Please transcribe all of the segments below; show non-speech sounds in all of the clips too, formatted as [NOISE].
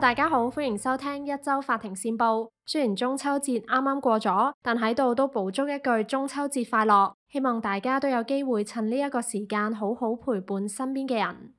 大家好，歡迎收聽一周法庭線報。雖然中秋節啱啱過咗，但喺度都補足一句中秋節快樂，希望大家都有機會趁呢一個時間好好陪伴身邊嘅人。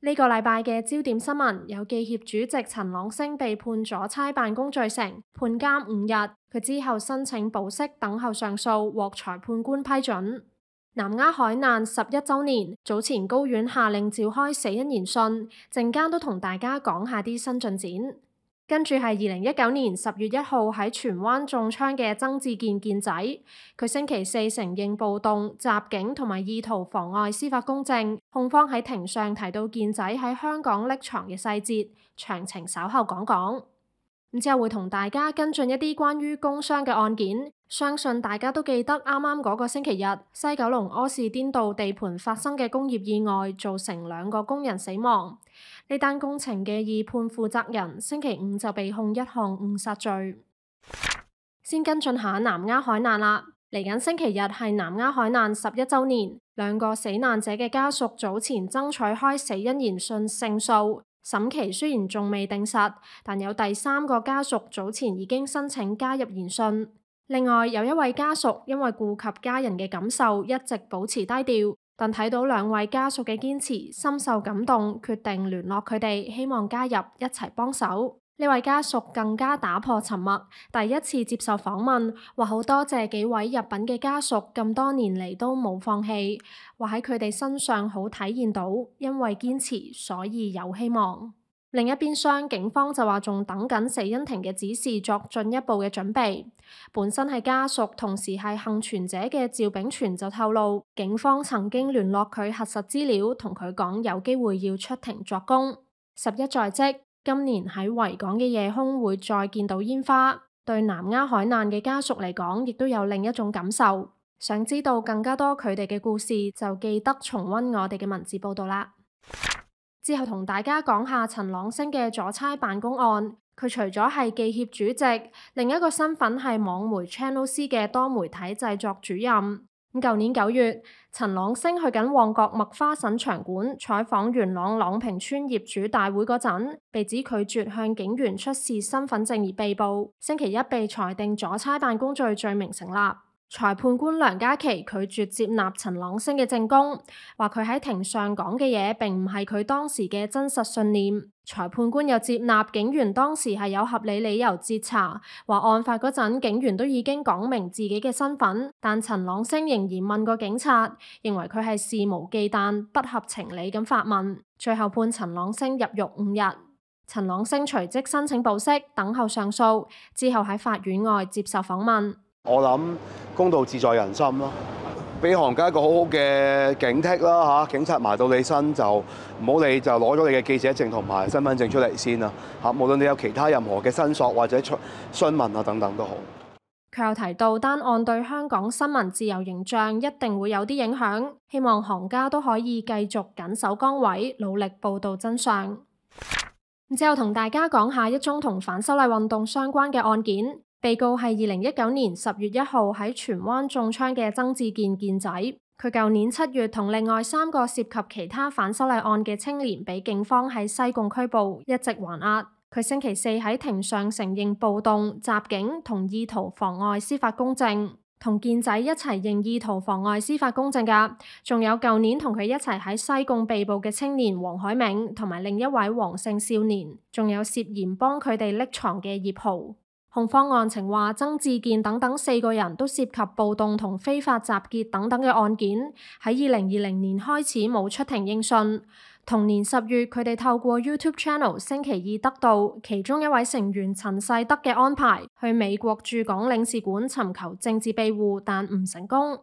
呢 [NOISE] 個禮拜嘅焦點新聞有記協主席陳朗昇被判阻差辦公罪成，判監五日，佢之後申請保釋等候上訴，獲裁判官批准。南丫海難十一周年，早前高院下令召開死因研訊，陣間都同大家講下啲新進展。跟住係二零一九年十月一號喺荃灣中槍嘅曾志健健仔，佢星期四承認暴動襲警同埋意圖妨礙司法公正，控方喺庭上提到健仔喺香港匿藏嘅細節，詳情稍後講講。咁之後會同大家跟進一啲關於工傷嘅案件，相信大家都記得啱啱嗰個星期日，西九龍柯士甸道地盤發生嘅工業意外，造成兩個工人死亡。呢單工程嘅二判負責人，星期五就被控一項誤殺罪。先跟進下南丫海難啦，嚟緊星期日係南丫海難十一周年，兩個死難者嘅家屬早前爭取開死因研訊勝訴。審期雖然仲未定實，但有第三個家屬早前已經申請加入研訊。另外，有一位家屬因為顧及家人嘅感受，一直保持低調，但睇到兩位家屬嘅堅持，深受感動，決定聯絡佢哋，希望加入一齊幫手。呢位家屬更加打破沉默，第一次接受訪問，話好多謝幾位入稟嘅家屬咁多年嚟都冇放棄，話喺佢哋身上好體現到，因為堅持所以有希望。另一邊廂，警方就話仲等緊死因庭嘅指示，作進一步嘅準備。本身係家屬，同時係幸存者嘅趙炳全就透露，警方曾經聯絡佢核實資料，同佢講有機會要出庭作供。十一在即。今年喺維港嘅夜空會再見到煙花，對南丫海難嘅家屬嚟講，亦都有另一種感受。想知道更加多佢哋嘅故事，就記得重温我哋嘅文字報道啦。 [NOISE] 之後同大家講下陳朗昇嘅阻差辦公案，佢除咗係記協主席，另一個身份係網媒 Channel C 嘅多媒體製作主任。咁舊年九月，陳朗昇去緊旺角麥花臣場館採訪元朗朗屏村業主大會嗰陣，被指拒絕向警員出示身份證而被捕，星期一被裁定阻差辦公罪罪名成立。裁判官梁家琪拒絕接納陳朗昇嘅證供，話佢喺庭上講嘅嘢並唔係佢當時嘅真實信念。裁判官又接納警員當時係有合理理由截查，話案發嗰陣警員都已經講明自己嘅身份，但陳朗昇仍然問過警察，認為佢係肆無忌憚、不合情理咁發問。最後判陳朗昇入獄五日。陳朗昇隨即申請保釋，等候上訴。之後喺法院外接受訪問。我諗公道自在人心咯，俾行家一個好好嘅警惕啦吓，警察埋到你身就唔好理，就攞咗你嘅記者證同埋身份證出嚟先啦吓，無論你有其他任何嘅申索或者出詢問啊等等都好。佢又提到單案對香港新聞自由形象一定會有啲影響，希望行家都可以繼續緊守崗位，努力報道真相。之後同大家講下一宗同反修例運動相關嘅案件。被告係二零一九年十月一號喺荃灣中槍嘅曾志健健仔。佢舊年七月同另外三個涉及其他反修例案嘅青年，俾警方喺西貢拘捕，一直還押。佢星期四喺庭上承認暴動、襲警同意圖妨礙司法公正，同健仔一齊認意圖妨礙司法公正嘅，仲有舊年同佢一齊喺西貢被捕嘅青年黃海明，同埋另一位黃姓少年，仲有涉嫌幫佢哋匿藏嘅葉浩。控方案情話，曾志健等等四個人都涉及暴動同非法集結等等嘅案件，喺二零二零年開始冇出庭應訊。同年十月，佢哋透過 YouTube Channel 星期二得到其中一位成員陳世德嘅安排，去美國駐港領事館尋求政治庇護，但唔成功。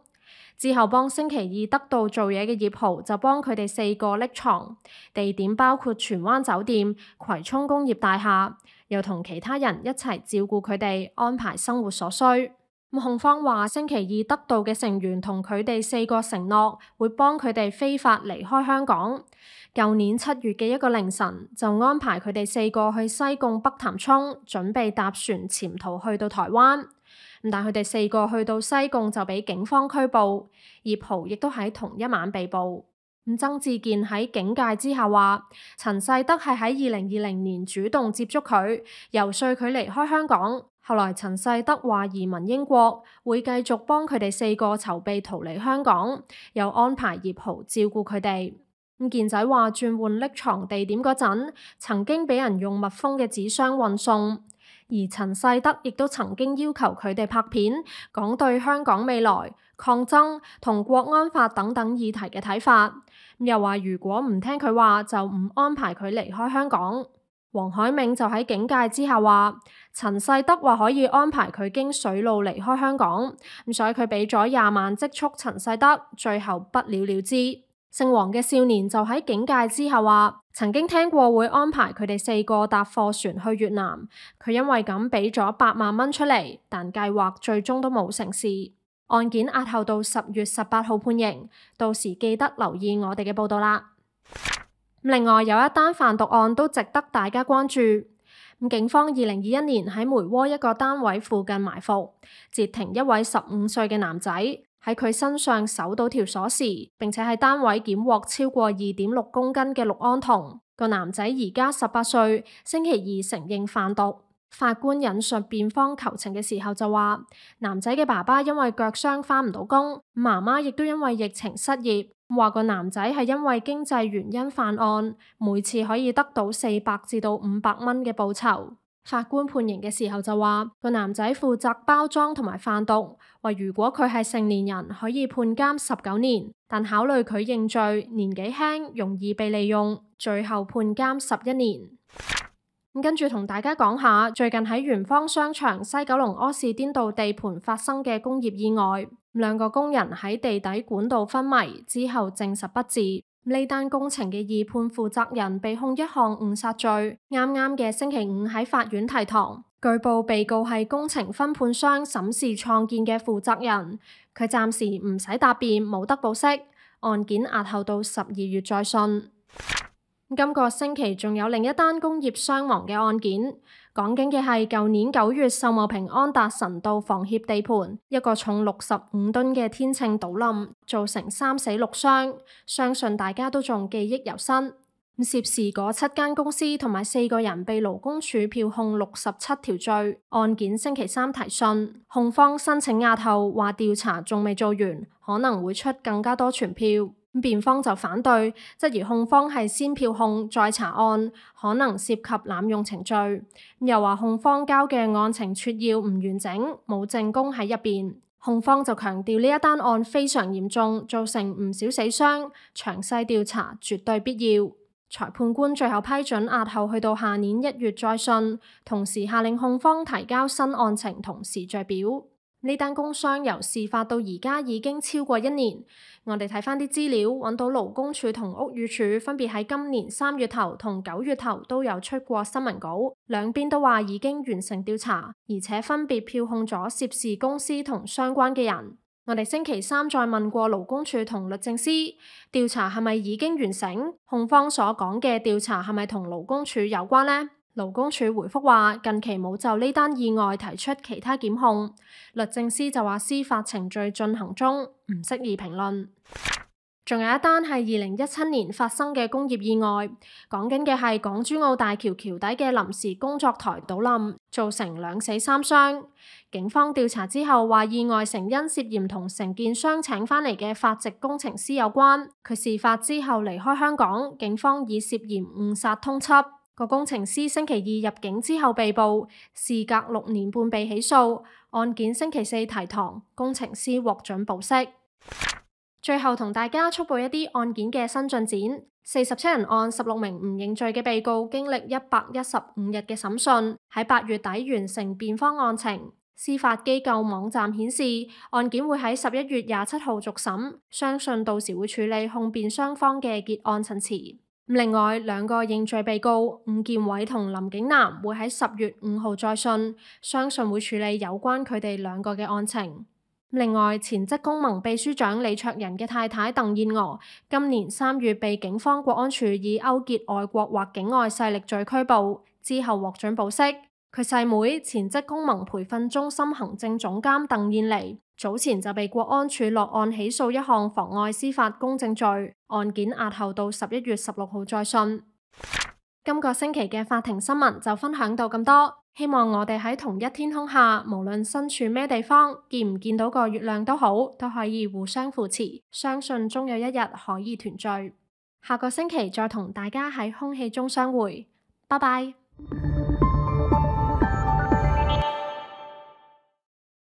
之後幫星期二得到做嘢嘅葉豪就幫佢哋四個匿藏，地點包括荃灣酒店、葵涌工業大廈，又同其他人一齊照顧佢哋，安排生活所需。控方話星期二得到嘅成員同佢哋四個承諾，會幫佢哋非法離開香港。舊年七月嘅一個凌晨，就安排佢哋四個去西貢北潭涌，準備搭船潛逃去到台灣。但佢哋四個去到西貢就俾警方拘捕，葉豪亦都喺同一晚被捕。曾志健喺警戒之下話，陳世德係喺二零二零年主動接觸佢，游說佢離開香港。後來陳世德話移民英國，會繼續幫佢哋四個籌備逃離香港，又安排葉豪照顧佢哋。咁健仔話轉換匿藏地點嗰陣，曾經俾人用密封嘅紙箱運送。而陳世德亦都曾經要求佢哋拍片，講對香港未來抗爭同國安法等等議題嘅睇法，又話如果唔聽佢話，就唔安排佢離開香港。黃海明就喺警戒之下話，陳世德話可以安排佢經水路離開香港，咁所以佢俾咗廿萬積蓄陳世德，最後不了了之。姓黃嘅少年就喺警戒之下話，曾經聽過會安排佢哋四個搭貨船去越南，佢因為咁俾咗八萬蚊出嚟，但計劃最終都冇成事。案件押後到十月十八號判刑，到時記得留意我哋嘅報道啦。另外，有一單販毒案都值得大家關注。警方二零二一年喺梅窩一個單位附近埋伏，截停一位十五歲嘅男仔。喺佢身上搜到條鎖匙，並且喺單位檢獲超過二點六公斤嘅氯胺酮。個男仔而家十八歲，星期二承認販毒。法官引述辯方求情嘅時候就話：男仔嘅爸爸因為腳傷返唔到工，媽媽亦都因為疫情失業，話個男仔係因為經濟原因犯案，每次可以得到四百至到五百蚊嘅報酬。法官判刑嘅時候就話，個男仔負責包裝同埋販毒，話如果佢係成年人，可以判監十九年，但考慮佢認罪、年紀輕、容易被利用，最後判監十一年。咁 [COUGHS] 跟住同大家講下，最近喺圓方商場西九龍柯士甸道地盤發生嘅工業意外，兩個工人喺地底管道昏迷之後證實不治。呢單工程嘅二判負責人被控一項誤殺罪，啱啱嘅星期五喺法院提堂。據報被告係工程分判商沈氏創建嘅負責人，佢暫時唔使答辯，冇得保釋，案件押後到十二月再訊。今個星期仲有另一單工業傷亡嘅案件，講緊嘅係舊年九月，秀茂坪安達臣道房協地盤，一個重六十五噸嘅天秤倒冧，造成三死六傷，相信大家都仲記憶猶新。涉事嗰七間公司同埋四個人被勞工處票控六十七條罪，案件星期三提訊，控方申請押後，話調查仲未做完，可能會出更加多傳票。咁辯方就反對，質疑控方係先票控再查案，可能涉及濫用程序。又話控方交嘅案情撮要唔完整，冇證供喺入邊。控方就強調呢一單案非常嚴重，造成唔少死傷，詳細調查絕對必要。裁判官最後批准押後去到下年一月再訊，同時下令控方提交新案情同時序表。呢單工傷由事發到而家已經超過一年，我哋睇翻啲資料，揾到勞工處同屋宇署分別喺今年三月頭同九月頭都有出過新聞稿，兩邊都話已經完成調查，而且分別票控咗涉事公司同相關嘅人。我哋星期三再問過勞工處同律政司，調查係咪已經完成？控方所講嘅調查係咪同勞工處有關呢？勞工處回覆話：近期冇就呢單意外提出其他檢控。律政司就話司法程序進行中，唔適宜評論。仲有一單係二零一七年發生嘅工業意外，講緊嘅係港珠澳大橋橋底嘅臨時工作台倒冧，造成兩死三傷。警方調查之後話，意外成因涉嫌同承建商請翻嚟嘅法籍工程師有關。佢事發之後離開香港，警方以涉嫌誤殺通緝。個工程師星期二入境之後被捕，事隔六年半被起訴，案件星期四提堂，工程師獲准保釋。 [NOISE] 最後同大家速報一啲案件嘅新進展：四十七人案，十六名唔認罪嘅被告經歷一百一十五日嘅審訊，喺八月底完成辯方案情。司法機構網站顯示，案件會喺十一月廿七號續審，相信到時會處理控辯雙方嘅結案陳詞。另外，兩個認罪被告伍健偉同林景南會喺十月五號再訊，相信會處理有關佢哋兩個嘅案情。另外，前職工盟秘書長李卓人嘅太太鄧燕娥，今年三月被警方國安處以勾結外國或境外勢力罪拘捕，之後獲准保釋。佢細妹，前職工盟培訓中心行政總監鄧燕梨早前就被國安處落案起訴一項妨礙司法公正罪，案件押後到十一月十六號再訊。今個星期嘅法庭新聞就分享到咁多，希望我哋喺同一天空下，無論身處咩地方，見唔見到個月亮都好，都可以互相扶持，相信終有一日可以團聚。下個星期再同大家喺空氣中相會，拜拜。